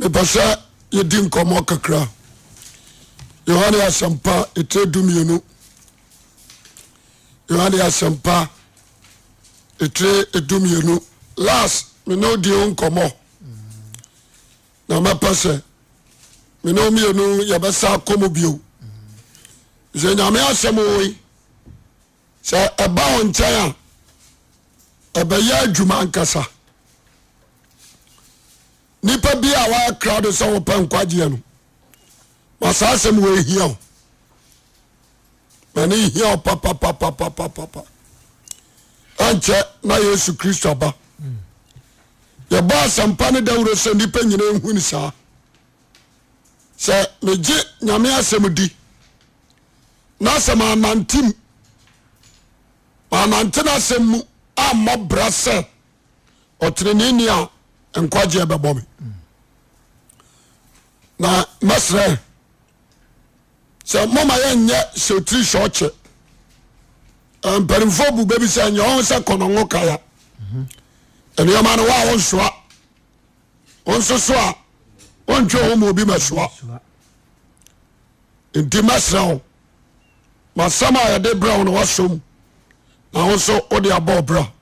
mepɛ sɛ yedi nkomo kakra yohane asem pa etre edumienu yohaney asem pa etire edumienu last meneo dio nkomɔ na mepɛsɛ mene omienu yɛbe sa komo bio so nyame asemoi sɛ ebao nkyen a ebɛyɛ adwuma ankasa nipa biaa waa krawde sɛ wɔpɛ nkwagea no masaa asɛm wɛhiaɔ mane hiaɔ papapapa ankyɛ na yesu kristo ba yɛbɔ a sampa ne dawuro sɛ nnipa nyina huni saa sɛ megye nyame asɛm di na sɛ maanantem maanantemo asɛm mu ammɔ bra sɛ ɔterenenia nkagy bɛbɔme na mɛsrɛ sɛ moma yɛ yɛ sɛ otiri hyɛ okye mparifo bu be bisɛ yɛo sɛ kɔnowo kaya ɛneɔma ne wo wonsoa wo nso so a wontwiho mobi ma soa nti mɛsrɛ wo masam a ɛde berɛ wona wasom na wo so wode abɔɔ bera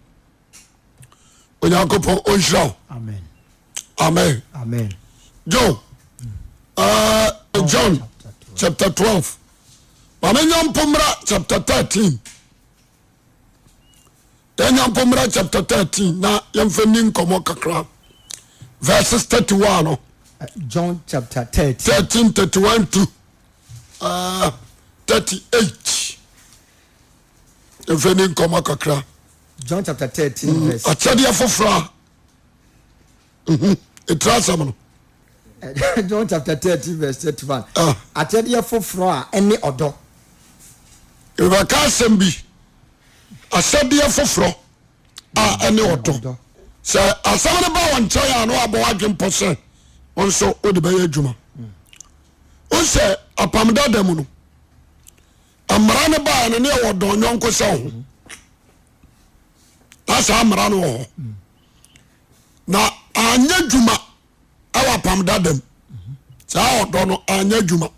oyankopɔn ɔnhyira ho amen jo uh, john chapter 12 mame nyampo mara chapter 3 ɛnyampo mmra chapter 3 n yɛmfninkomɔ kakra verses 31331238 nkmɔkakra atɛdeɛ fofora ɛtra mm-hmm. no john chapter 13 verse 31 akyɛdeɛ foforɔ a ɛne ɔdɔ ɛbɛka asɛm bi asɛdeɛ foforɔ a ɛne ɔdɔ sɛ asɛm no ba wɔ nkyɛn a no abɔ w'adwempɔ sɛ wɔn wode bɛyɛ adwuma wo sɛ apamdada mu no mmara no baa ɛwɔ dɔn sɛ na saa no wɔ hɔ na anya dwuma ɛwɔ apam dadam saa ɔdɔ no anyɛ dwuma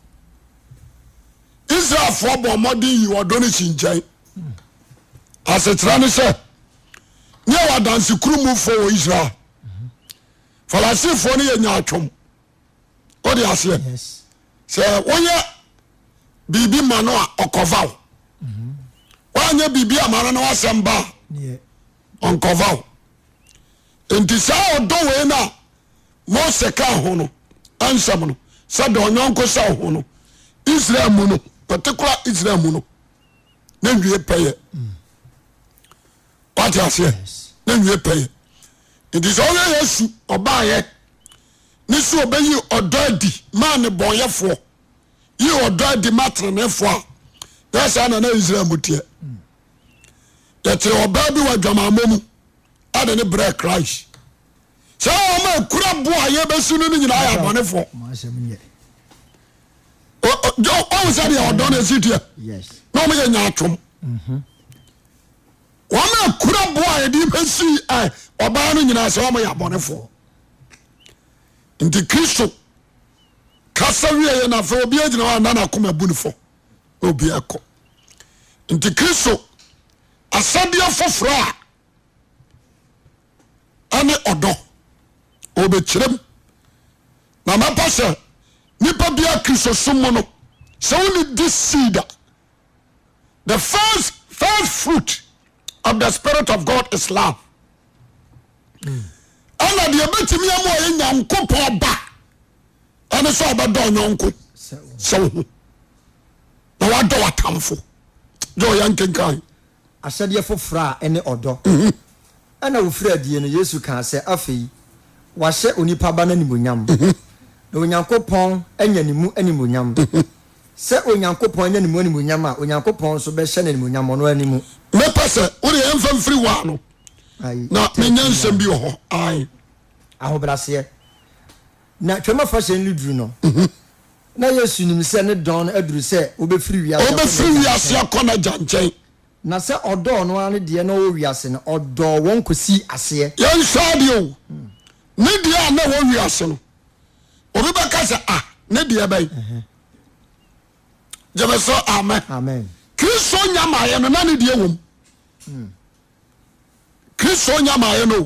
israelfoɔ bɔ mmɔden yi ɔdɔ no kyinkyɛn asekyerɛ ne sɛ nyɛ wɔ adansekurumufoɔ wɔ israel farisifoɔ no yɛnya atwom wode aseɛ sɛ woyɛ biribi ma no a ɔkɔvaw mhm. woanyɛ biribi ama no na woasɛm ba a ɔnkɔvaw nti saa ɔdɔ wee na a mose ka ho no ansɛm no sɛde ɔnyɔnko sa ho no israel mu no particular israel mu no ne nwie pɛyɛ wate aseɛ ne nwie pɛyɛ nti sɛ ɔyɛ yesu ɔbaayɛ ne sɛ ɔbɛyi ɔdɔ adi ma ne bɔnyɛfoɔ yi ɔdɔ adi ma terenefoɔ a na saa na nana israel mu teɛ yɛtere ɔbaa bi wɔ adwamammɔ mu adene bre cris kra boyiao kaa fofra ane ɔdɔ ɔbɛkyerɛm na mapa sɛ nipa bia kristosom mu no sɛ wone di seed the first first fruit of the spirit of god is love ɛna deɛ bɛtumi ama ɔyɛ nyankopɔn ba ɛne sɛ ɔbɛdɔ ɔnyɔnko sɛ wo ho na wadɔ watamfo gye ɔyɛ nkenkan ahyɛdeɛ foforɔ a ɛne ɔdɔ mhm ɛna wofiri adie no yesu kaa sɛ afei wahyɛ onipa ba no animonyam na onyankopɔn anya ne mu animonyam sɛ onyankopɔn anya ne mu animonyam a onyankopɔn nso bɛhyɛ no animonyam ɔno anim mɛpɛ sɛ wode yɛmfa mfiri waa no na menya nsɛm bi wɔ hɔ ae ahobraseɛ na twam afahyɛ no duru no mhm. na yesu nim sɛ ne dɔn no aduru sɛ wobɛfiri wiase wobɛfiri wiase akɔ na gya nkyɛn na sɛ ɔdɔɔ no ara ne deɛ na ɔwɔ wiase no ɔdɔɔ wɔn kɔsi aseɛ. yɛn nsa deɛ o ne deɛ a na wɔ wiase no obi bɛka sɛ a ah, ne deɛ bɛyi mhm. gyeme sɛ amen kristo nyamayɛ no na ne deɛ wɔ mu hmm. kristo nyamayɛ no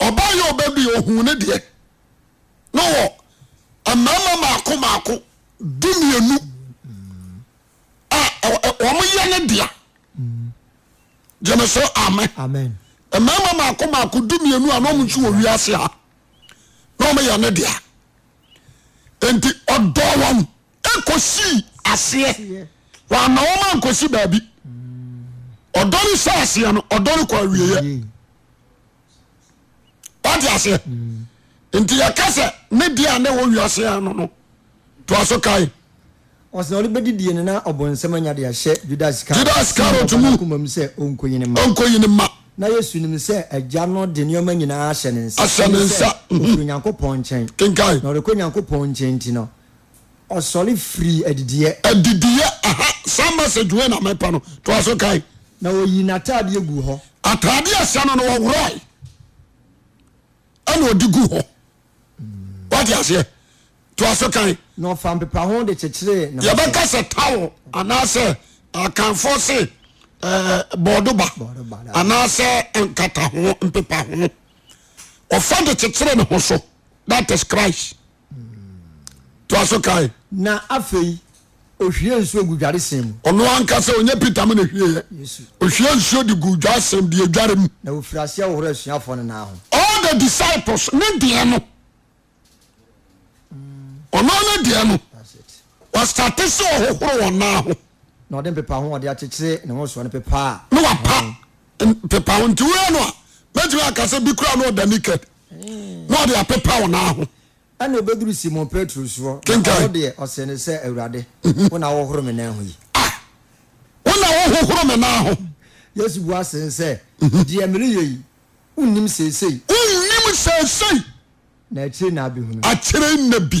ɔbaa yɛ ɔbɛ bi ohun ne deɛ na wɔ mmarima maako maako dumienu hmm. a wɔn yɛ ne deɛ gyeme so ame mmarima maako maako du mmienu a na ɔmo nso wɔ wiase ha na ɔmo yɛ ne dea nti ɔdɔ wɔn ekosi aseɛ wɔama wɔn ankosi baabi ɔdɔ ne sɛ aseɛ no ɔdɔ ne kɔ awieɛ ɔte aseɛ mm. nti yɛka sɛ ne dea ne wɔ wiase ha no no to aso kae ɔsɛ ɔde bɛdidie no na ɔbɔnsɛm anya de ahyɛ judas judas carrot mu kumam sɛ ɔnkɔyine ma ɔnkɔyine ma na yesu nim sɛ agya no de nneɛma nyinaa ahyɛ ne nsa ne nsa mhm. onyankopɔn nkyɛn na ɔde kɔ onyankopɔn nkyɛn nti no ɔsɔre firi adidiɛ adidiɛ aha saa message wei na mɛpa no toa so kae na ɔyi n'ataadeɛ gu hɔ ataadeɛ ahyɛ no no wɔworɔe ɛna ɔde gu hɔ wate aseɛ toa so kae na ɔfa de ho de kyekyere yɛbɛka sɛ tao. anaasɛ akanfo se eh, bɔɔdo anaasɛ nkata ho mpepa ho ɔfa de kyekyere ne ho so that is Christ hmm. to kae na afei ohwie nsuo gu dware sɛn mu ɔno ankasa peter ohwie nsuo de gu dware na na. all the disciples ne deɛ ɔnoano deɛ no wastate sɛ ɔhohoro wɔnaaho naɔdempepa hoɔde kyekyere ne woso no pepaa ne wapappa ho ntiwra n mhm. a makimikasɛ b ra nɔdanike adppa nho ɛne obɛduru simon mhm. petro suɔ no deɛ ɔsene sɛ awurade wona wohoro menaho yi wona wohohoro menaho yɛsu boa asene sɛ deɛ mmereyei wonnim sesei won sesei na akyire naabihoo akyerɛ nna bi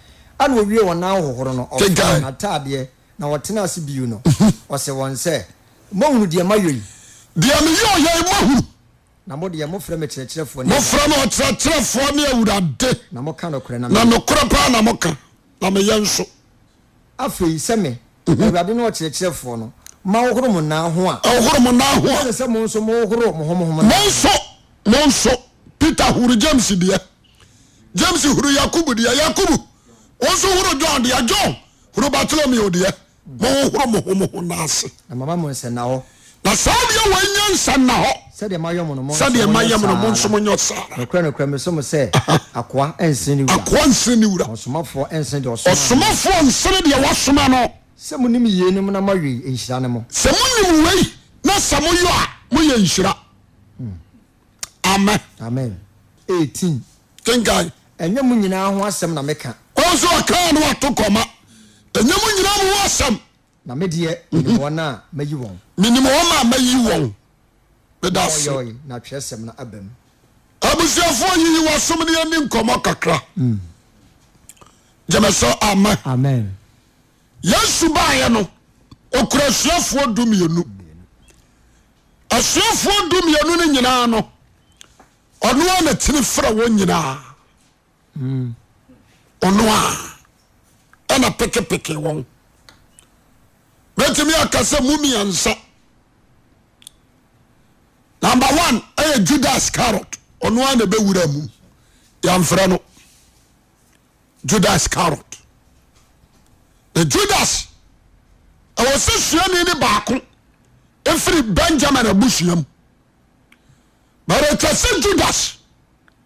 anie n hhr aɛ naɔtenes bi no ɔs wɔ sɛ maunu deɛ mai deɛ meyɛɔyɛ mhu kyerɛkyerɛfɔ of n ɔkyerɛkyerɛfoɔ ne wuradeamkorɛ panaokaamyɛ mhm. no afei sɛme wkyerɛkyerɛfoɔ on o nso peter horo jemes deɛ jemes huro yakob deɛ yakb wọn nso horo john deɛ john horo bartolomeo deɛ mohohoro mo ho mo ho naase na saa deɛ wɔanya nsa na hɔ sɛdeɛ mayɛ mo no mo nso monyɛ saara akoa nsene wura ɔsomafoɔ nsene deɛ wasoma no sɛ monim yeinom na moawe nhyira no mo sɛ monim wei na sɛ moyɔ a moyɛ nhyira amen amen 18 kenkan ɛnyɛ mo nyinaa ho asɛm na meka so akraa no wato kɔma ɛnyamu nyinaa moho asɛm menimɔmaa mɛyi wɔn das amusuafoɔ yiyiwɔ som ne yanim nkɔma kakra mm. gyamɛsɛ ama yɛ subaeɛ no ɔkura asuafoɔ dumanu asuafoɔ dumanu no nyinaa no ɔnoanatini frɛ wɔ nyinaa mm. ɔno a ɛna pekepeke wɔn mɛtumi aka sɛ mu mmiɛnsa number one ɛyɛ judas carrot ɔno a na ɛbɛwura mu yɛmfrɛ no judas carrot na judas ɛwɔ sɛ suani ne baako ɛfiri benjamin abusuam bɛrɛtwa sɛ judas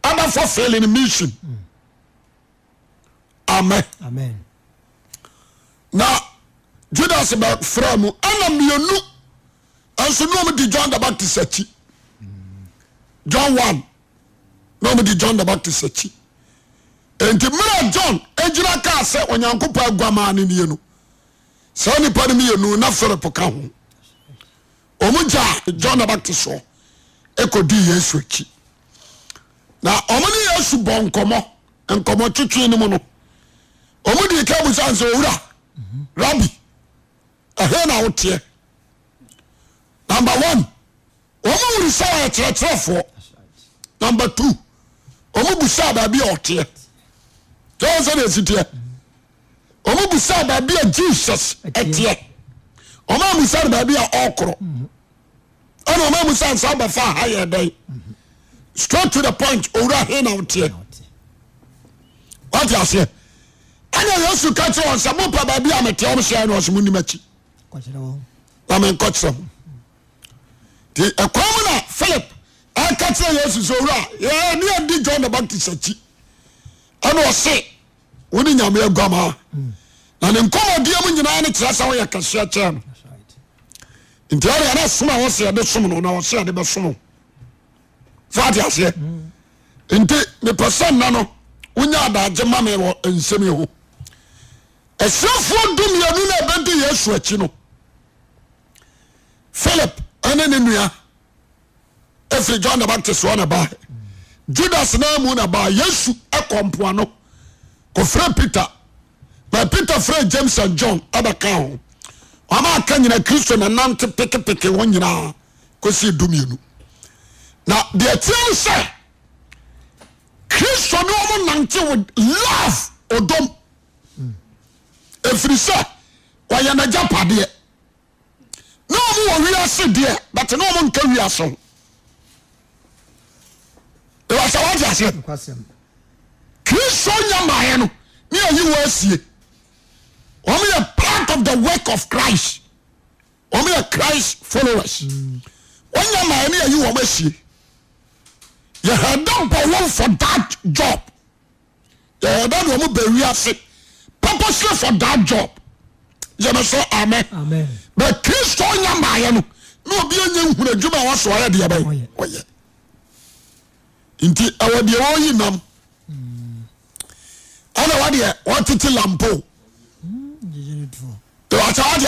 abɛfɔ fele no mission mm. ame na judas bfrɛ mu anamenu nso ne omedi john de bactis aki john o ne m di john de bactis aci nti mera john yina ka se onyankopɔn aguama ne nien sa nipa nemeyenu na ferepo ka ho omya john debactiso kodi yesu aki na omne yesu bo nkomɔ nkomɔ cichnomuno omudi kamu sa s owra rabi hena wo teɛ numbe one omwuru sawkyerɛkyerɛfo numbe two ombu sa baabiatɛss mu sa baai ajesus tɛamu san baaior nausaswbfahay str to the point n t ana yesu ka kr sɛ mopa a metni ki a mekokyerɛna phili ka er uɛi jon ebatis ki ea ɛaoa yaa asmfuɔdmnu na bɛnte yɛasu akyi no philip ɛnene nua ɛfri johnna batesoanba judas namnba yesu kɔmpoano ɔfrɛ peter npete frɛ jamesan john ka haa yideɛtim sɛ kristo ne womo nannkewo laf od ɛfiri sɛ ɔyɛ nagya padeɛ ne ɔmowɔ wiase deɛ but ne ɔmo nka wiase ho ɛwɔ sɛ wode aseɛ kristo nya maɛ no ne ayi wɔ asie ɔmoyɛ part of the work of christ ɔmoyɛ christ followers ɔnya maɛ ne ayi wɔm asie yɛhɛda bɔ wɔm for that job yɛhɛda ne ɔmo bɛ wiase paposo fo that job yemɛsɛ am but kristo yabayɛ no ne obi ya hunadwuma wsayɛdeɛyɛ nti ɛwɔdeɛ ɔyinam nɛtete lap ade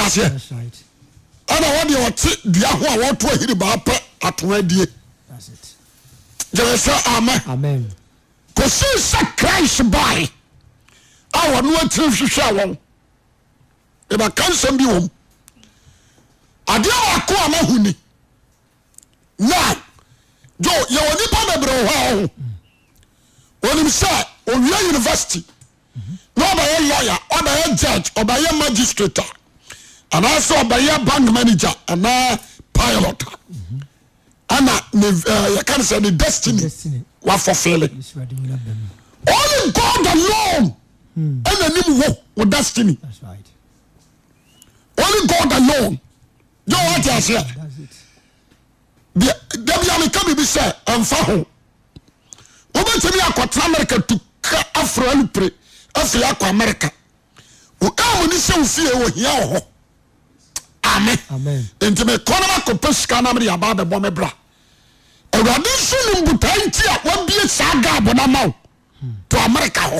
sɛndɛte deahoweibapɛ tdi ymsɛ am kose sɛ crist ba awɔneatiri hwehwɛ wɔn iba kamsɛm bi wom adeɛ wako ama huni no jo yɛwɔ nipa na berɛ hɔ ɔ ho onim sɛ owia university na ɔbayɛ lowyer ɔbayɛ judge ɔbayɛ magistrate a anaasɛ ɔbɛyɛ bank manager ana pilot a ana yɛka ne sɛ ne destiny wafofile on goda lom Hmm. anenim wo o destiny oly godalon owateas debiame ka bebi se mfa ho wobetemiyakotera merika tuka afroalupre afryko america okamoni se ofie hia ho ame intimeconem akopa ska nmebebome bra ogadensonubu tantia wabie sa gabonamao to amerika ho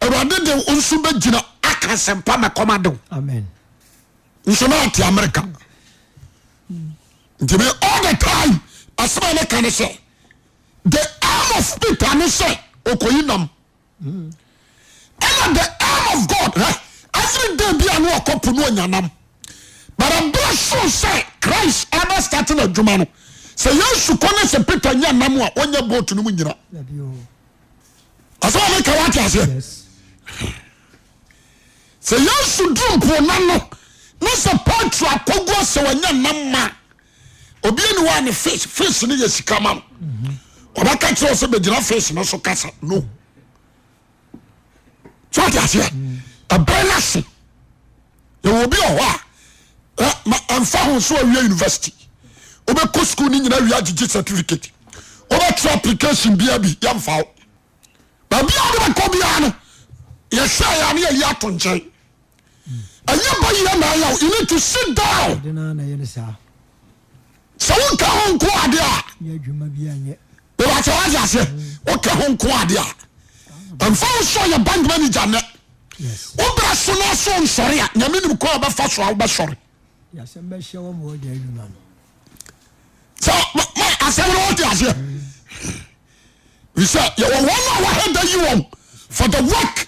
wedeɔnso bɛ gyina aka sɛmpa makɔmade nsomɛate amerika nm ll the time asmneka n sɛ the arm of peter no sɛ ɔɔinamɛnɛ the arm of god veryda bianɔp nyaa bataberɛso sɛ crist unde stat nodwuma no sɛ yɛsukɔ ne sɛ peter nya namuanyɛbotunomu yinaasnkawseɛ sɛ yesu duru mpoona no ne sɛ petro akɔgoɔ sɛ wanya nam ma obiani waa ne fish fish no yɛ sika ma no ɔbɛka kyerɛ sɛ bɛgyina fish no so kasa no so ate aseɛ ɛbɛn no se yɛwɔ obi wɔ hɔ a ɛmfa ho so awia university wobɛkɔ school no nyina awia gyegye certificate wobɛkyerɛ application bia bi yɛmfa wo baabi a wode bɛkɔ biara no yɛhyɛ yɛ ne yɛyi ato nkyɛn ɛyɛ ba yɛ na ayɛ you need to sit down sɛ wonka ho nko ade a bɛbɛkyɛ wode aseɛ woka ho nko ade a ɛmfa wo sɔ yɛ bank manager nɛ wobrɛ so no so nsɔre a nyame nim kɔ a wobɛfa so a wobɛsɔre sɛ asɛm no wode aseɛ sɛ yɛwɔ wɔn a wɔhɛ da yi wɔn for the work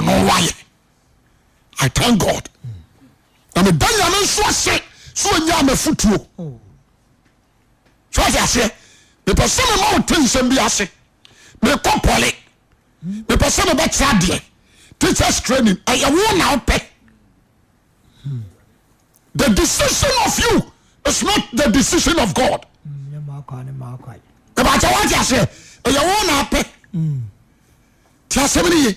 nwaye i tank god amebe yame nso se soayaama fotuo satas mepo sɛme mabo tensem bi ase meko pole mepɛ semebɛtserade techerstraning yo n pe esf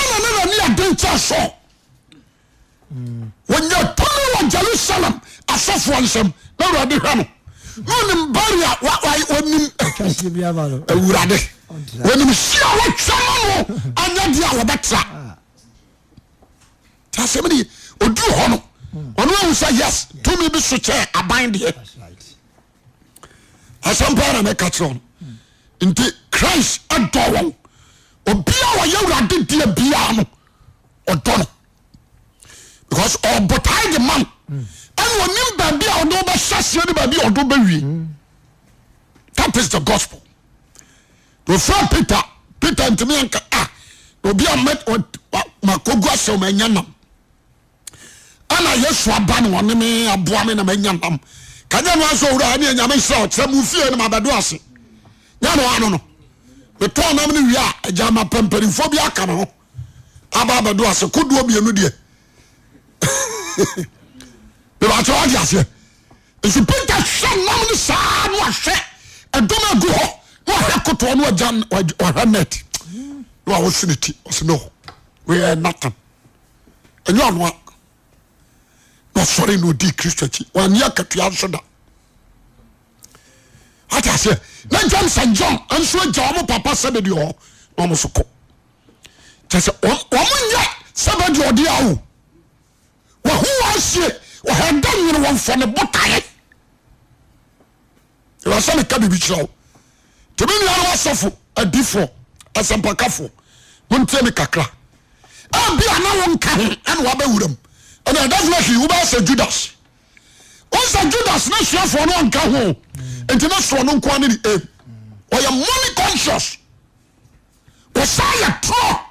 kyɛsɛ ya ponow jerusalem asafo nsɛ nawrade hwano enbaranwradensia wtwɛmo no ayɛdeɛ a wɔbɛtra smi hɔ n ɔnwu sɛ yes tm bi sokyɛ abdeɛ asampanamka kerɛn nti cris dɔw bia yɛwradedea bia no odobecause obo tade ma ne nim babi debe sesie babi dee tat is the gospl beore peter eter tmieyaeobka ah, ababdosekod bnu d e sse na sa e h e srndi kis ki nakasedajon s jon syao papa oma ya sɛbadode o wahoa sie ada yerewofone botan o kanw a ds e ss mane contios saye tro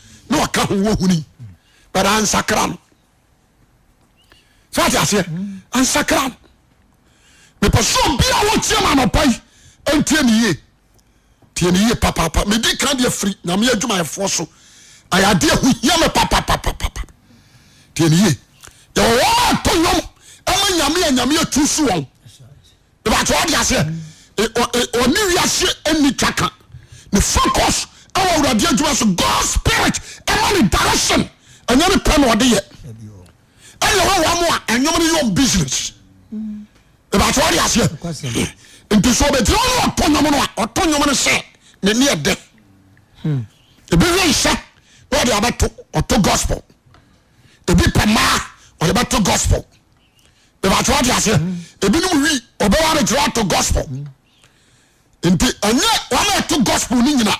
neka ho wohune but ansankra no odes ansakra no epo so bia wo tiem anopo ntine e pedi kade fri yaumye hha pywa toyo ma yame yame tu so on dese one wia se ani ta kan ne focos ɛwɔ awurade adwuma so god spirit ɛma ne direction ɛnyɛ ne pɛ na ɔde yɛ ɛyɛ wɔ wɔn a ɛnyɛm ne business ìbàtí ɔde aseɛ nti so ɔbɛtiri ɔno ɔtɔ nyɔm no a ɔtɔ nyɔm no sɛ ne ne yɛ dɛ ebi nhyɛ ɔde abɛto ɔtɔ gospel ebi ɔde bɛto gospel ɔde aseɛ ebinom wi ɔtɔ gospel nti ɛnyɛ wɔn a ɛto gospel ne nyinaa.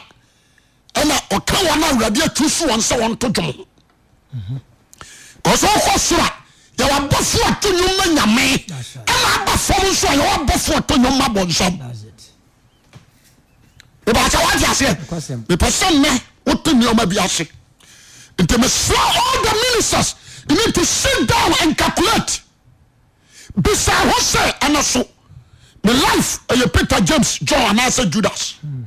n ka won wradetuso se wotodoho s or yfomyama fa obesepesenne wotna bise nt mesra llthe ministers oe to sit on ancaclate bisa ho se aneso me life yɛ peter james john anasɛ judas hmm.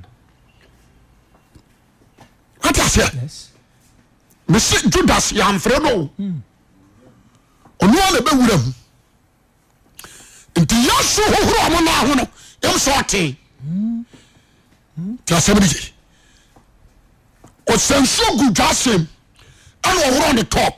ats mese judas yafre no onone bewuramu nti yason msts sasuou s nroe to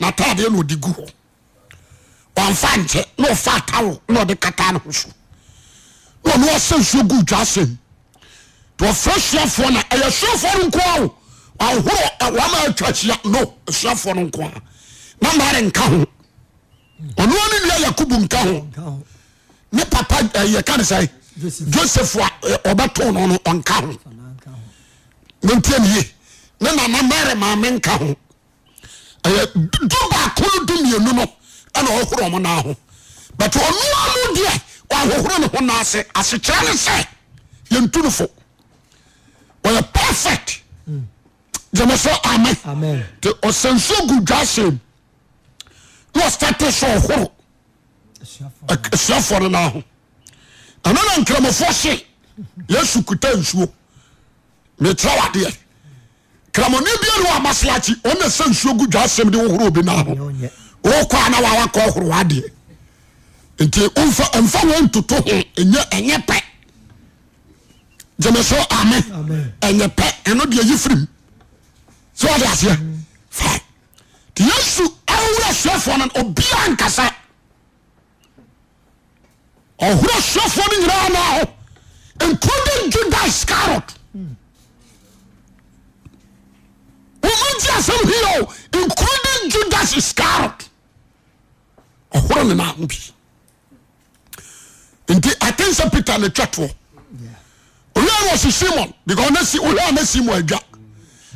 naaen fate nfaakasansusrsfsfk aa n suaf on nankaho n yakob ao e papayɛkanesa jose ɔataoautɛ ons sekyerɛne sɛ yɛtno fo yɛ pefet mm. yemeso ame t sansuogu dwas ne feteso horosuafn nnkrafo se stsuo etrad kranbimasy sasu syep mso yep ndfr soeseɛ tyesu er sua fon obia nkasa ohero sua fo ne yeraanaho includin judas scarot omiasem he includin judas scarot horonenab nti tink se peter ne ta to nwas simon na simo a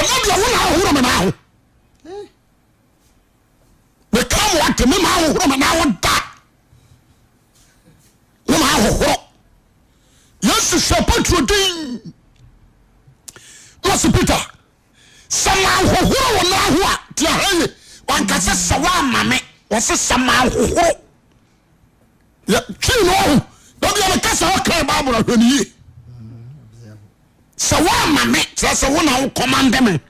newonhoromemaho ekamate memahorenwo da omahohoro yase se patoden nese pete samahohoro wonahoa tae nkase sewomame sesamahohorotinh kase woke bble hn se woamame trase wonawo commande me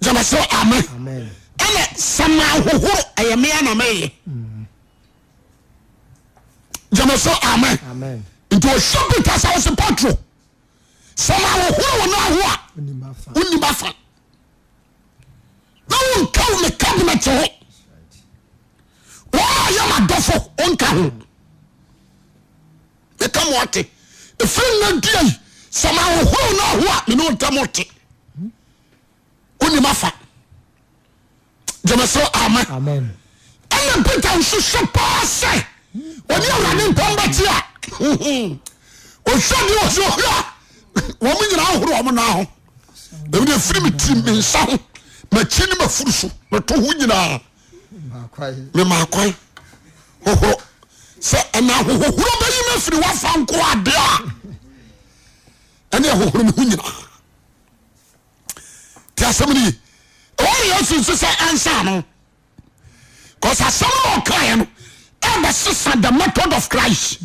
jameso ame n sama hohoro aye meanamye jamso ame nosebitaswose potro sma hohorowonhoa onia fa nka mekammeto yomadofo oka kamtfren sma ohoro n hoa mene tamo ote wonim afa gemesero ame ana pete osu se pa se onehuradempa betia sds omo yinahoromnho mie firi me ti mensa ho makyi ne mafuru so metoho yina memakoi oho sɛ nahhohuro beyim firi wofa nkoadea ɛne ahohoromho nyinaa ti asɛm no ye ɛwɔ yɛ su nso sɛ ansa no cause asɛm no ɔkaeɛ no ɛbɛsesa the method of Christ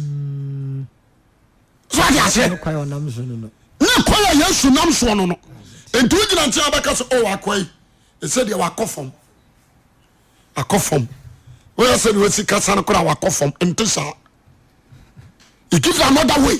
so ade aseɛ ne kwan a yɛsu nam soɔ no no enti wogyina nkyɛn abɛka sɛ o oh, wakɔ yi ɛsɛdeɛ wakɔ fam akɔ fam woyɛ sɛdeɛ wasi kasa no kora wakɔ fam nte saa it gives another way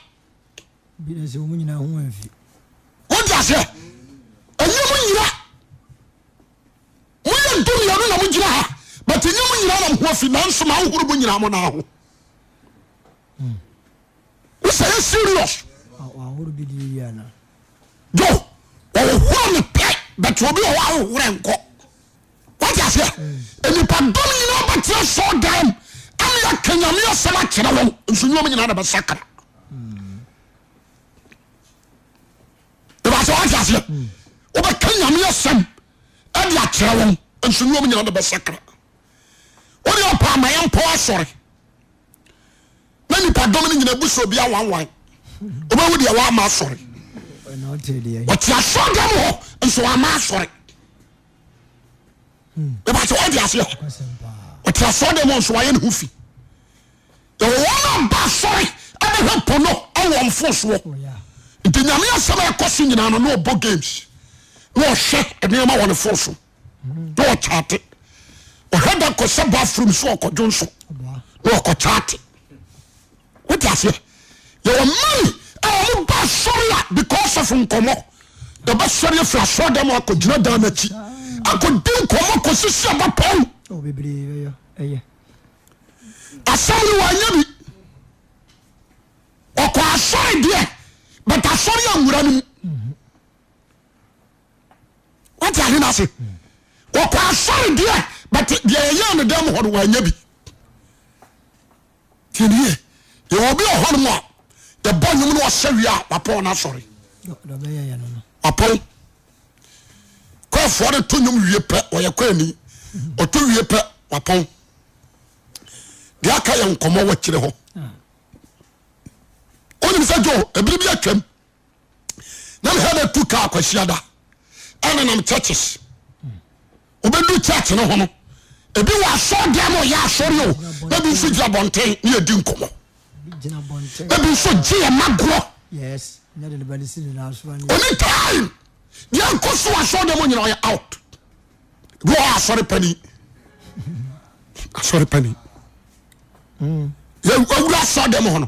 ys yem yena moye domnmibuyy seseris pe butrno a yeabet so m ke yameo sam kereo ybesakra k ya se adetra syeka amamp sr n pdmn yina dewma srsodem sma sressdeyn f nbasre pn womfosoo tiyame samkose yina n nbo games n we nfosoksɛbafoa basrea easeo ni asamn wayabi kɔ asɔrede bute asore awura numu wati anena se oko asore dee but de yane demo hore wa aya bi tdie ywobe ohonema de bo wom ne ase wiea wapo na asore wapo ko fu de to yom wie pe yekoani oto wie pe wapo de aka ye nkomo wa kyere ho oyim sɛ jo ebini biatwam nan habatu ka kasiada anenam churches wobɛdu church no hono ebi wa asodem yɛ asɔreo ne bi nso gyina bonten ne yadi nkɔmɔ na bi nso gyeyɛmagorɔonitaim dankosowasɔdemnyinaɔyɛ out biwɔ asɔre pani asɔre pani mm. wura asɔdem hono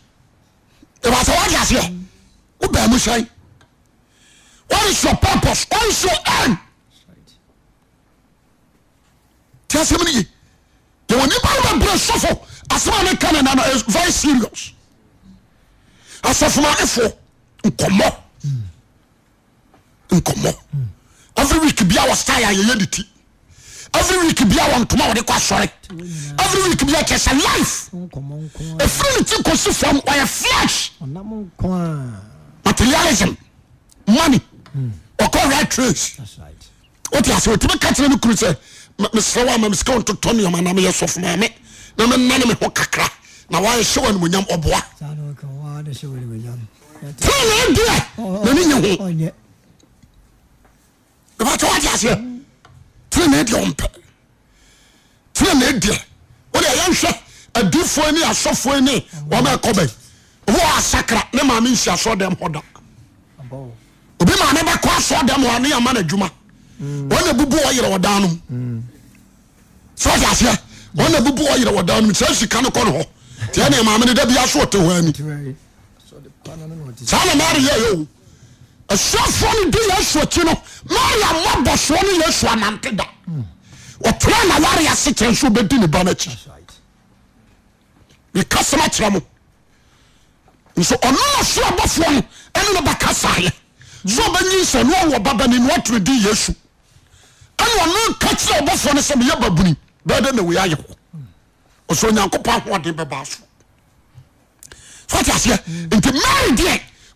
ìwà sọ wọ́n di aseɛ wọ́n bẹ̀rẹ̀ mu sẹ́yìn what is your purpose what is your aim tí a sẹ́mi nìyí yẹ̀wò nípa wọn bẹ̀rẹ̀ sọ́fọ̀ asọ́fọ̀ ní kánà nana is very serious asọ́fọ̀ ẹ̀fọ́ nkọ̀mọ́ nkọ̀mọ́ every week bí a wọ sáyà yẹ̀yẹ́ di ti. every week bia wo ntoma dek sore every week biake se life fren tiko s famy flesh materialism mon atrmea era ksesn kakransenya nd ope fenedi e yewe adi fune asu fune e koe sakra emam si aso demda obmama sdem anbyern yersesikan nemam asootenisanemaareye asuafoɔ no di yɛsu akyi no maria mmabɔ soɔ no yɛsu anante da ɔtena na ware ase kyerɛ nso bɛdi ne ba no akyi meka sɛm akyerɛ mo nso ɔno na so abɔfoɔ no ɛne no bɛka saeɛ sɛ ɔbɛnyi sɛ ne ɔwɔ baba ne ne watene di yesu ɛne ɔno ka kyerɛ ɔbɔfoɔ no sɛ meyɛ babuni bɛɛdɛ na wei ayɛ hɔ ɔsɛ onyankopɔn ahoɔden bɛbaa so so ate aseɛ nti mary deɛ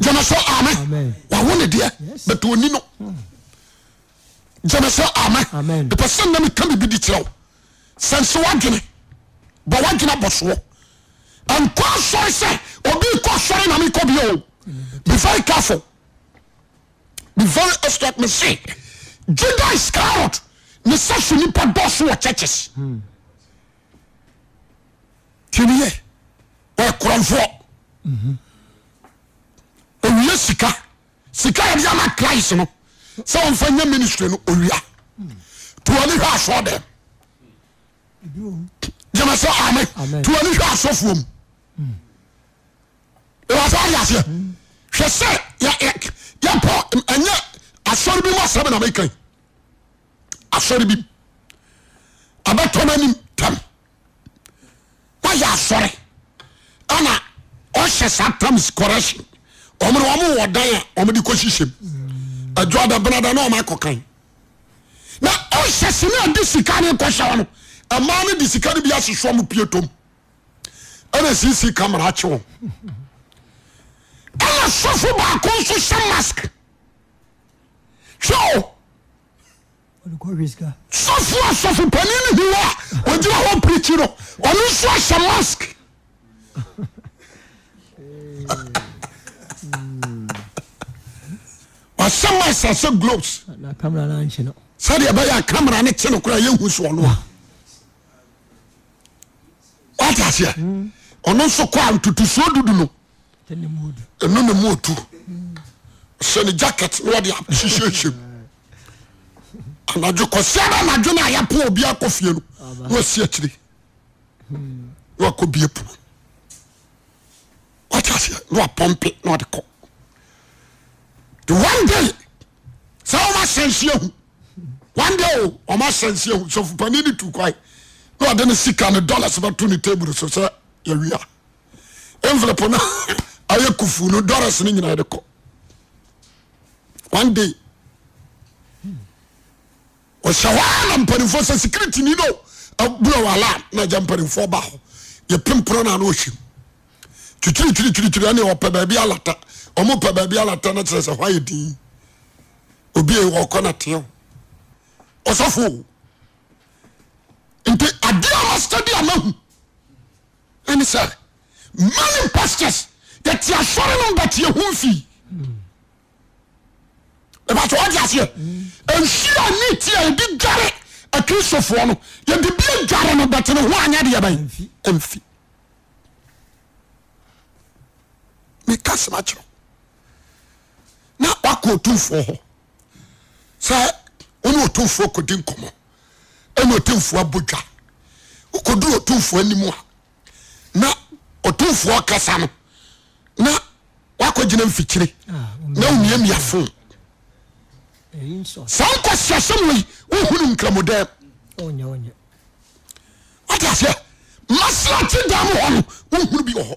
gameso ame wawonedee butoni no gameso ame epesennemekam bibidi kereo sense wane bt wagena bosowo ankoa sore se obi k sre name kobo me very carefl before aste mese judai scyrod neseso nipo dosowo churches timiye we koromfu awie sika sika yɛdeama cris no sɛ omefa nya ministry no owia toane hwɛ asɔ de gamesɛ ame ttoane hwɛ asɔ fom wasɛ adeaseɛ hwɛ sɛ yɛpɛnyɛ asɔre bi mu asɛbina mɛkei asɔre bim abɛtome anim tam mayɛ asɔre ana ɔhyɛ saa tems koreshe mero womowɔ dan a ɔmede kɔsihyɛm awuada berada na ɔmaakɔ kan na ɔhyɛ se ne ade sika ne e kɔhyɛwa e e no ɛma ne de sika no biasesowa mo pietom ɛna sisi ka marakye wɔ ɛna sofo baako so hyɛ mask hwɛ sofo asɔfo panineh a gyira hɔ preki no ɔne suahyɛ mask sɛmasɛsɛ glves sɛdeɛ ɛyɛkamara ne kenoaɛhusɔn ɛ ɔnoɔ ntsuo ddɛnnɛn jacket ɛɛnosɛdanawoneyɛp iɔ oda sema senshu nda oh, asens sou pannet k nedene sikane dolars beto ne table sse velepn yakuf o yieda seh panioseuritynpa epp twitiritiritiri ɛne ɔpɛ baabi alata ɔmo pɛ baabi alata no kyerɛ sɛ hɔ ayɛ din obi a wɔkɔ no teɛ ɔsɔfo nti adeɛ a mastadi a mahu ɛne sɛ many pastors yɛte asɔre no mbɛteɛ ho mfii ɛbɛtɛ ɔde aseɛ nhyira ne ti a yɛde dware akristofoɔ no yɛde bia dware no bɛte no ho anyɛ deɛ bɛn mfi mikasmakyerɛ na wakɔ ɔtomfuɔ hɔ sɛ wone ɔtomfuɔ kɔdi nkɔmmɔ ɛnu ɔtomfuɔ abodwa wokdur tomfuɔ nima na ɔtumfuɔ kasa no na wakɔ gyina mfikere na nua miafo sa nkɔ siɛ sɛmi wohurukramdɛ ts masrate damh ouu h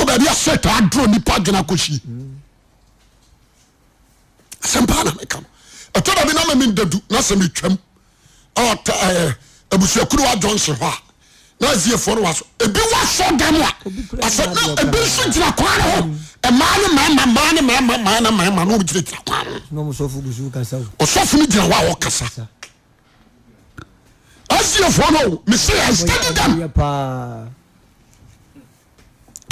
obd asetadra nipa gina kose spanaka oabnmamedadu nasmetabusakurons hzf bi wa so demaso yina ko sofo no inakasa aziefu n esesad dam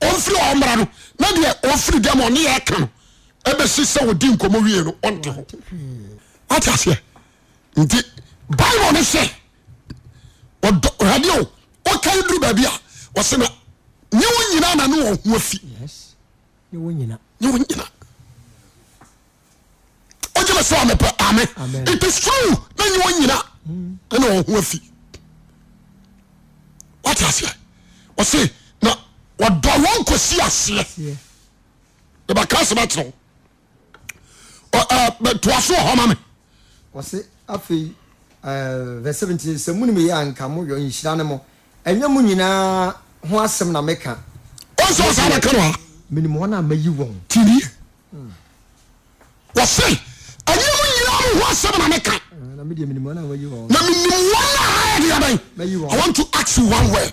ɔfiria ɔara no na deɛ ɔfiri darmne yɛka no ɛbɛsi sɛ wɔdi nkɔmɔ wie no ɔnt h waɛ nti bible n sɛ aeɔkaiduru baabi a ɔsna yɛ wɔ yina naneoɛ ɔgemɛ sɛ ɔpɛ a is tr nanyɛw yinanofɛ wɔdɔ wɔn kɔsi aseɛ ɛbɛka sɛ bɛkyerɛ wo toa so ɔhɔma me ɔse afei verse 17 sɛ munim yɛ anka moyɔ nhyira no mo ɛnyɛ mu nyinaa ho asɛm na meka ɔsɛ ɔsa bɛka no a menim hɔ no a mayi wɔn tinie wɔse ɛnyɛ mu nyinaa ho asɛm na meka na menim wɔn a ayɛ deɛ bɛn I want to ask you one word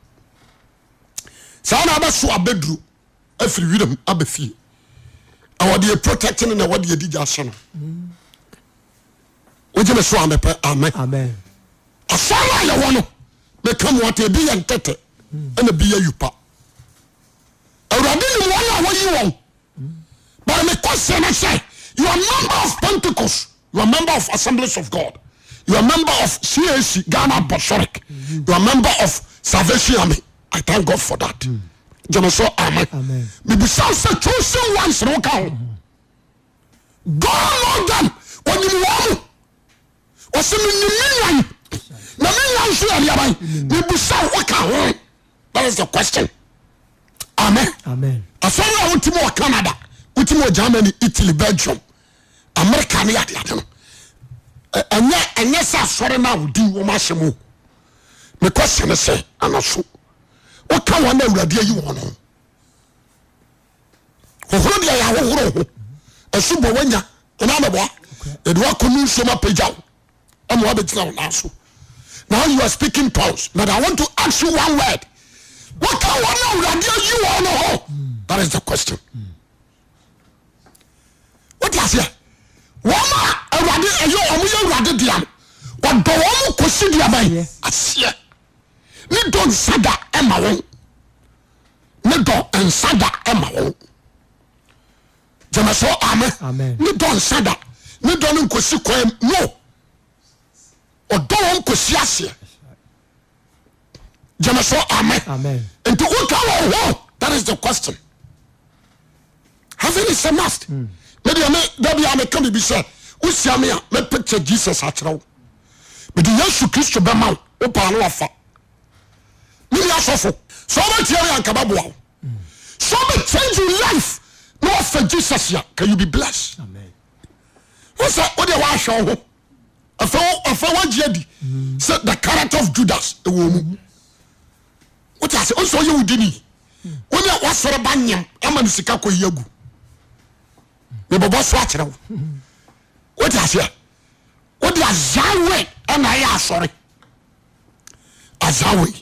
sane be soabeduro afiri wire abefie wode protectn ne wodedigeseno eemesombumes ose youare member of pentecost youare member ofassembls of god youare member of sc ganaposoric youre member of servationame ithankgod for that nso m mebuso se cosserk goga yemmsmeemeesoktais the qestionswotimcanda taan italy belgim amerkayesesse woka wɔn na awurade ayi wɔn ho hohoro deɛ yɛ ahohoro ho ɛso bɔ wanya ɛna mɛboa yɛde wakɔ no nsuom apagya wo ama wabɛgyina wo naa so now you are speaking tongues but i want to ask you one word woka wɔn na awurade ayi wɔn ho hmm. that is the question wote aseɛ wɔn a awurade ɛyɛ wɔn yɛ awurade dea no wɔdɔ wɔn kɔsi deɛ bɛn aseɛ ne do nsanda emawo ne do nsanda mawo jemeso ame esandsi o no kosi ase jameso ankaisthe qestio vniskeebse osiame mepete jesus aere betyesu kristo ema wo balefa wúni asọfo sọ bẹ tiẹ yà nkà bá bọ àwọn sọ bẹ change your life na wà fẹ Jesus yà can you be blessed wọ́n sẹ ọ de wà ahyẹ ọhún ẹfẹ ẹfẹ wà jẹ di sẹ the character of Judas ẹwọ mu wọ́n ti àṣẹ ọ̀sọ̀ yẹ wò di ni wọ́n yà wà sọ̀rọ̀ bá nyẹm ẹ̀ma ní sika kò yẹ gu ní bọ̀bọ̀ sọ àkyerẹ́ wò wọ́n ti àṣẹ wọ́n di àzáwẹ̀ ẹ̀na ẹ̀yẹ àsọ̀rẹ́ àzáwẹ̀ yìí.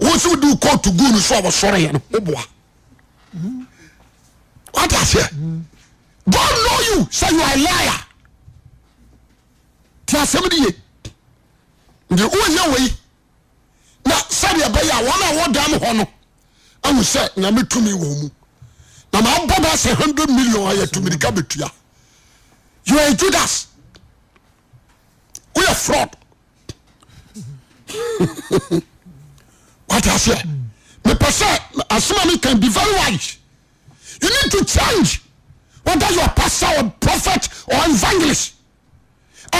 wosi di kóòtù gu ni sọ ọbọ sọrọ yẹn no o bọ a wàtí aseɛ God know you say you are a liar tí a sẹ́mi di yẹ nti o yẹ wọ yi na sẹ́ni ẹ̀bẹ̀ yẹ a wọn a wọ́n dàn hɔ no ẹ̀hún sẹ́ nyàmé túnmí wọ̀ mu na màá bọ́ bá sẹ́ hundred million ayẹ túnmí ká bẹ̀ tuya you are a Judas o yẹ fraud. s mepese asom me kan be very wise you ned to change wete your pasor o prophet o evangelist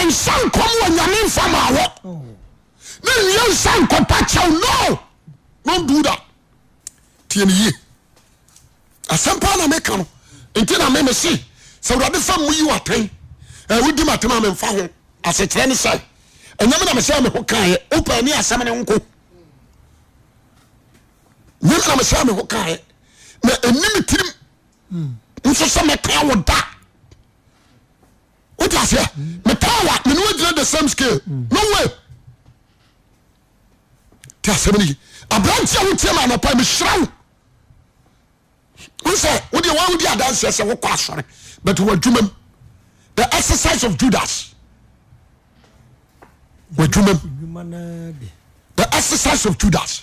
nsan komewa yame famwo nenesa nkopa che no esameo ka nimetirim nso se metawo da odsetw menithe saeslserao sewddans sewoksr butweexcse of asthe execise of judas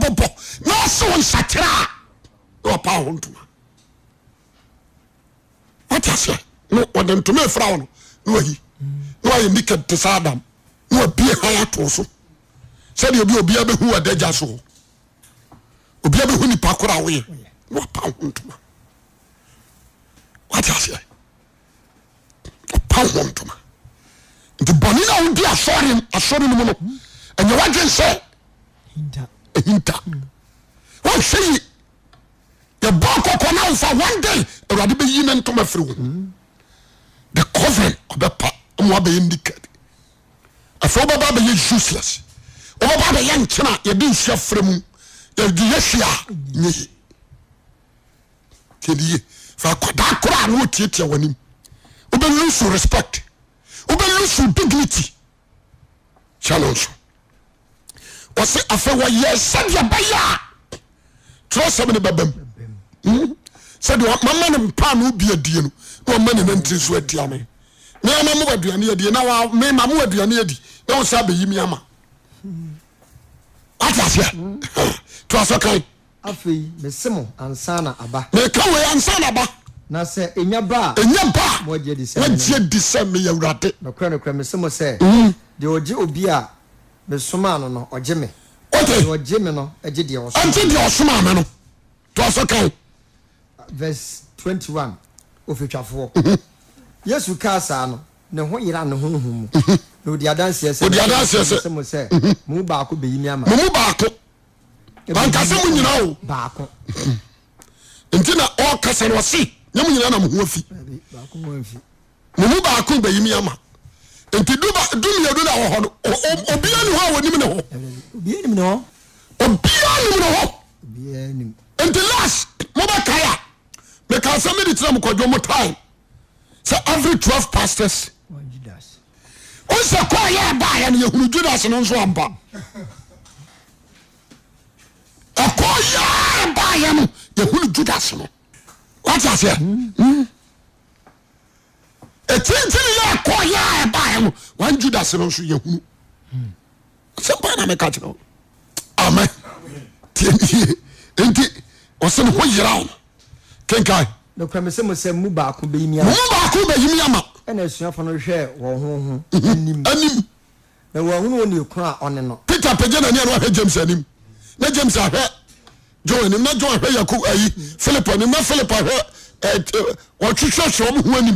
so nsakyra n ahoodtoa n esa da n aea tso sɛdɛbiaɛda gya so ɛuna aɛahoo nti bɔnnawob asɔre nun ɛnyɛwaen sɛ hnta seye yebo kokone fo oneday ade beyine ntom feri e casless obeye kera yede sa ferem edakr ieso respect beso dignity nso se fe yese d baya trosɛmi ne bɛbam sɛdemamane mpano obi adino ne manematiso aiame mdmddnsbimi amasas kamese naekaansanabaa ya bamoayedi sɛ meya wrade ɔge me no gye deɛ ɔste deɛ ɔsomaame no toasɔ ka vers 21 ɔfitwafoɔ mhm. yesu ka saa no ne ho yera ne hohu mu mhm. nɔdi adanseɛ sɛsm sɛ mmu mhm. baako bɛyimi amamomu baako ankasɛ mo nyina o baako ntina ɔka sɛnɔse yɛmu nyina na mo ho a fibaf mo mu baako bɛm ama ntiminaobia ne awɔnim neho obia nim nho nti las mobɛkae a mɛkaa sɛmɛne tramukɔdm ta sɛ every dwv pastors sɛ kyɛɛbaɛ nyɛhuu judas no so aa ɛkɔyɛɛbaɛ n yɛhunu judas no taseɛ titini yekoyeba juda ssoyehurn sen oyer m ao eer ejas nja oohlphl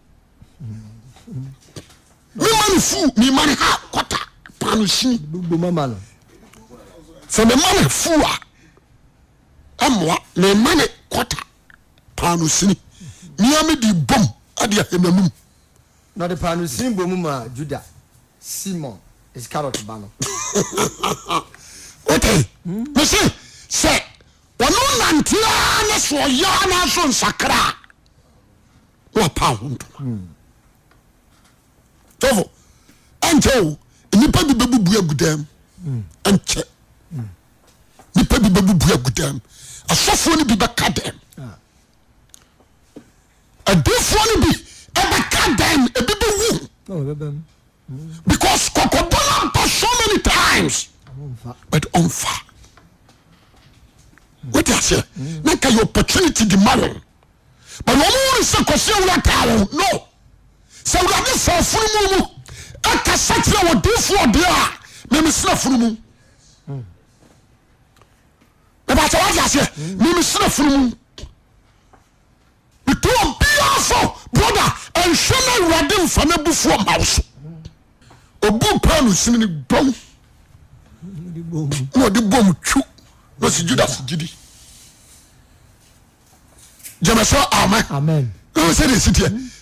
mema no fu mema no ha kɔta paa no sini sɛ mema no fu a ɛmmoa e mema no e kɔta paa Mi sini mea medi bom ade ahɛmanum na ɔde paa no sini mu ma juda simon iscarot ba no wote mese sɛ ɔno nantea ne soɔyaa na so nsakra a wapaho ntoma hmm. so anjeo nipa bi bebubua agudem ankye nipa bi bebubua agudem asofu ne bi beka dem adefuo ne bi ebeka dem ebi bewu because kokobona pa so many times but omfa wetease mm. neka yo opportunity de ma re but omoruse kose wuntawo no swruade safurumu mu ɛkasa kyerɛ wɔdufoo deɛa memesena funumu basa wodaseɛ memusina furumu metuobia so brotha nhwɛ no awuade mfane bufuo maoso obu pano simini ba maode bomu twu nesi judas gidi gyamesɛ amen emɛsede sitie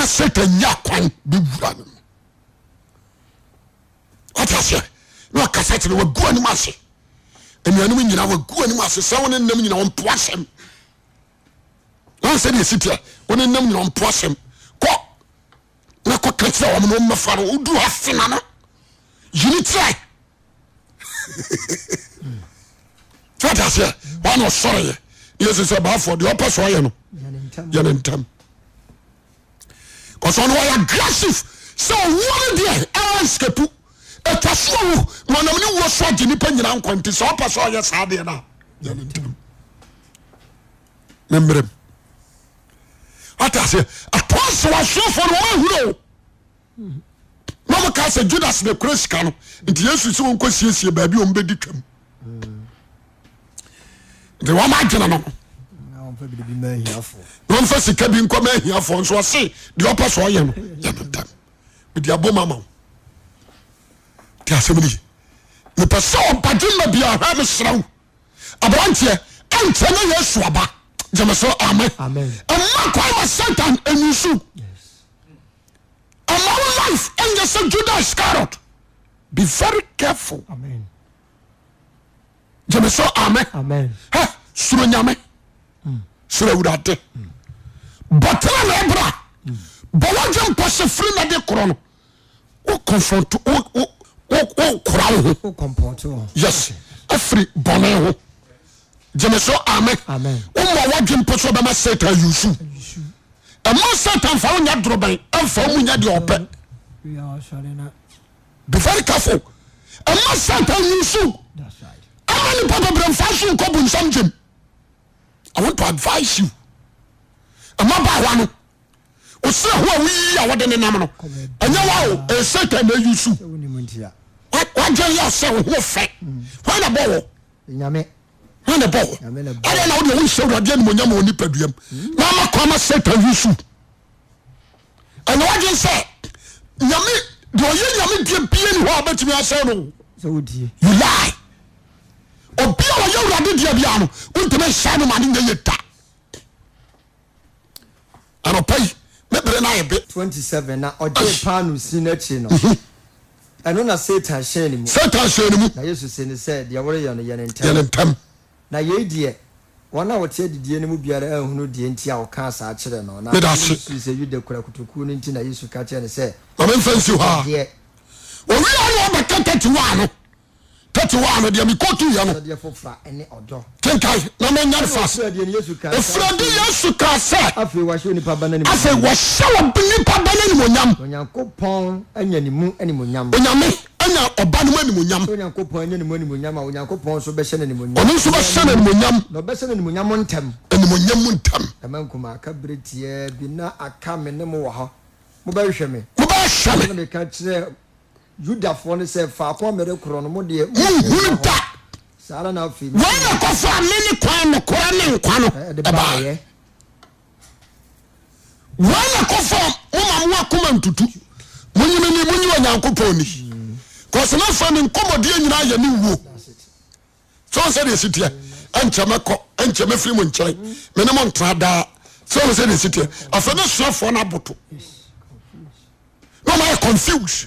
asete ya kan be wra atese kase te waguanm ase mian yena ns swnnyiase ss a nnypase oo katire far oasenan yeni tra sy n sreyesse baopesye yenetam neyɛ aggressive sɛ ɔwuo no deɛ ɛwansikapu ɔtwa so wo maɔnam no wuo sogye nnipa nyina nkɔ nti sɛ wopɛ sɛ ɔyɛ saadeɛ nosɛ apos wosuafo no wɔm ahuroo mamkasɛ judas dekorasika no nti yesu sɛ onk siesie baabi ɛdi wammaaene o fesikebinka me hiafo nsose de pesoyeo yedbom ma s p seobadena bia he meserao abrante nfane yesuaba emeso ame ma koma satan anuso amaro life nyese juda scariot be very careful emeso amesuroyae soewr de butra nbra bowadenpo sefiri n de koron wokraooe fri bune ho jime so ame oma wadipo soema satan s m satn fy d I want to advise you ɛma ba wa no ɔsɛ ho a woyi a wɔde ne nam no ɛnyɛ wa o ɛsɛta e na ayi su wagye yɛ sɛ wo ho fɛ hwan na bɔ wɔ hwan na bɔ wɔ ɛdeɛ na wode wonhyɛ wurade animonyam wɔ nipaduam na ama kɔ ama sɛta yi su ɛna wagye sɛ nyame deɛ ɔyɛ nyame deɛ bie ne hɔ a wobɛtumi asɛ no you lie 27n ɔ pano sino kyi no ɛno na sata nnɛ ɛ yediɛ ɔn wɔteadidie n mu bira huu dtiɔka saa kyerɛ nonsɛ idera kuokutina yesu a ɛ thirty one no deɛ eh. mi kó tu yɛ no kinkai na ma nya fast efurade yesu ka sɛ afei wɔhyɛ nipa ba n'anim afei wɔhyɛ wɔ nipa ba n'anim onyam onyankopɔn anya ne mu anim onyam onyame anya ɔba ne mu anim onyam onyankopɔn anya ne mu anim onyam a so nso bɛhyɛ n'anim onyam ɔno nso bɛhyɛ n'anim onyam na ɔbɛhyɛ n'anim onyam ntɛm anim onyam mu ntɛm ɛmɛ nkuma aka bere tiɛ bi na aka me ne mo wɔ hɔ mo bɛhwɛ me mo bɛhwɛ me na raanfmne kanane nkwa anakɔf moma mowa koma ntutu moyem moyi nyankopɔn ni snen nkoɔdeɛ nyinayɛne w sofe sɛdesitɛ nkyɛmɛk nyfm n nnaf n e mayɛ confuse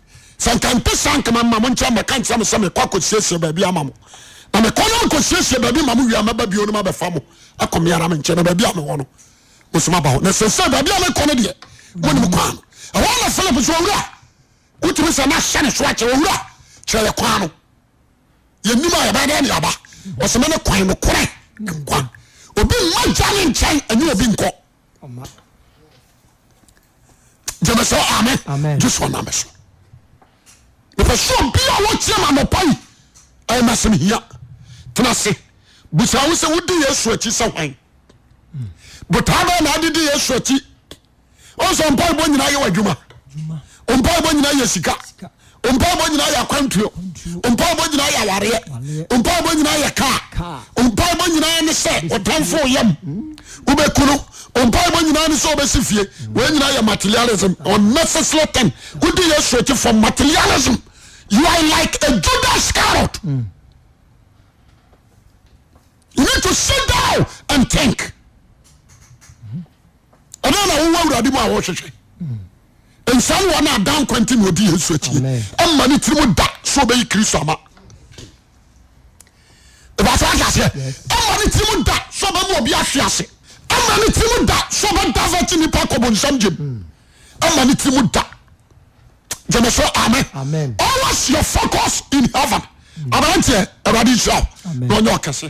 seka pesankeme ma mo teekate se meko kosis babi mo mekos bre kno msm uso naso pe sɛ biwo kiem anopai anaseme hia tena se busa wo se wode y suati se a botasuais like a juda sard one o sit on an tn anowo wurade mwhwew nsannedanontn mane tirim da o iaane tii da oasean tii daoan deme so ame almas your focus in heaven abante ɛradisaw neɔnya okese